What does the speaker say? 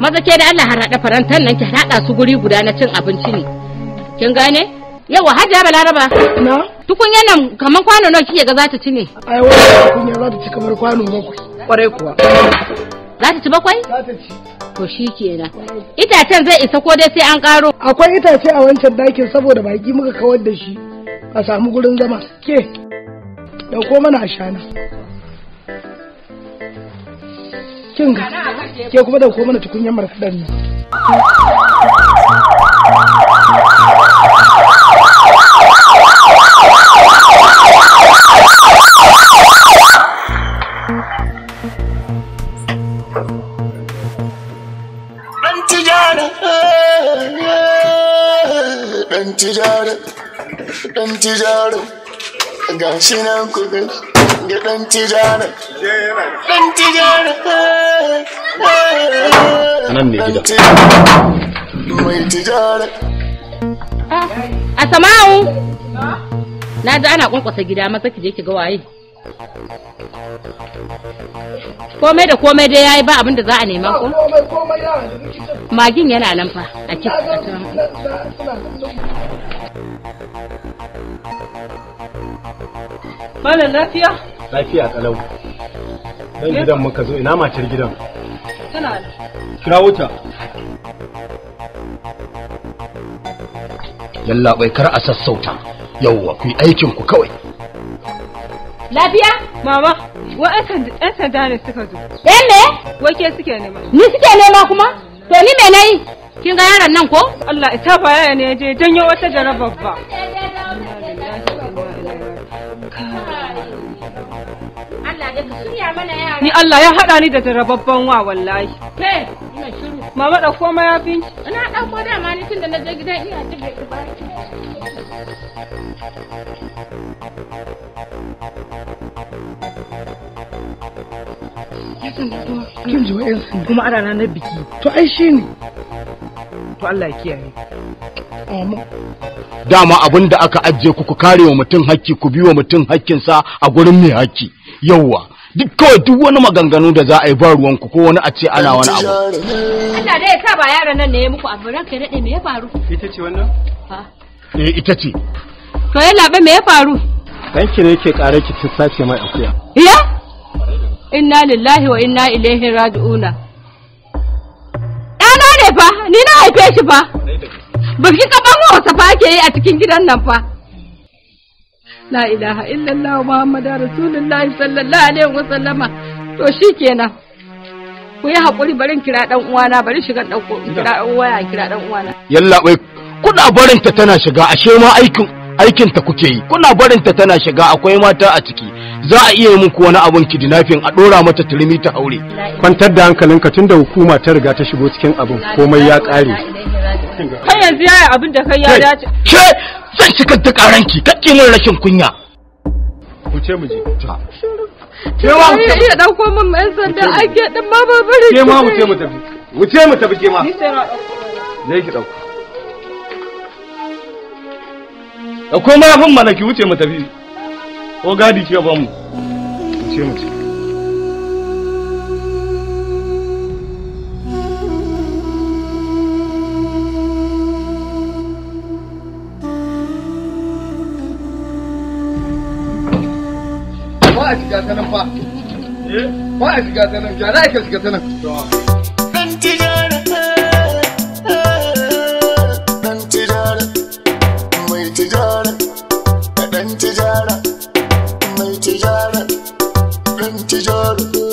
maza ke da Allah harada farantan nan ki hada su guri guda na cin abinci ne kin gane yawa hajja balaraba na nan kaman kwano nawa kike ga za ta ci ne ai wannan tukunya za ta ci kamar kwano bakwai kwarai kuwa za ta ci bakwai za ta ci to shi kenan itacen zai isa ko dai sai an karo akwai itace a wancan dakin saboda baki muka kawar da shi a samu gurin zama ke dauko mana ashana kin ke kuma da dauko mana tukunyar markaɗar ne Dan tijara, dan tijara, ga shi nan ku da ɗan tijana ɗan tijana nan ne gida mai tijana a sama'u na ji ana kwankwasa gida maza ki je ki ga waye komai da komai dai yayi ba abin da za a nema ko magin yana nan fa a cikin Malam lafiya? lafiya kalau dan gidan muka zo ina matar gidan tana kira wuta yalla bai kar a sassauta yawwa ku aikin ku kawai lafiya mama wa ɗan sanda ne suka zo Eh me ke suke nema ni suke nema kuma to ni me nayi kin ga yaran nan ko Allah ita ba yaya ne je janyo wata jarabar ba Ni Allah ya haɗa ni da jarababban wa wallahi. Ke, ina shiru. Mama da ko ma ya fi. Ina ko da ma ni tunda na je gidan ina jibe bai ba. Kin ji wa'in kuma ana na biki. To ai shi ne. To Allah ya kiyaye. dama abin da aka ajiye ku ku kare wa mutum hakki ku biyo mutum hakkinsa a gurin mai hakki yauwa duk kawai duk wani maganganu da za a yi ba ruwanku ko wani a ce ana wani abu. Allah dai ya sa ba yaran nan ne ya muku abu ranka ya daɗe me ya faru? Ita ce wannan? Eh ita ce. To ya ba me ya faru? Danki ne yake ƙara ki sace mai akuya. Iya? Inna lillahi wa inna ilaihi raji'una. Ɗana ne fa, ni na haife shi fa. Birki ka ban wasa fa ke yi a cikin gidan nan fa. la ilaha illallah muhammadu rasulullahi sallallahu alaihi wa sallama to shikenan ku yi hakuri barin kira dan uwana bari shiga dan kira kira dan uwana yalla bai kuna barin ta tana shiga ashe ma aikin aikin ta kuke yi kuna barin ta tana shiga akwai mata a ciki za a iya yi muku wani abun kidnapping a ɗora mata turmi ta aure kwantar da hankalinka tunda hukuma ta riga ta shigo cikin abin komai ya ƙare. kai yanzu yaya abin da kai ya dace ke zan shigar da karanki kake min rashin kunya wuce mu je ke ma wuce iya dauko min mai sanda ake din ma ba bari ke ma wuce mu tafi wuce mu tafi ke ma ni sai na dauko ki dauko dauko ma fin mana ki wuce mu tafi ko gadi ke ba mu wuce mu tafi a shiga ta nan fa eh? ba a shiga ta nan jara ake shiga ta nan mai tijara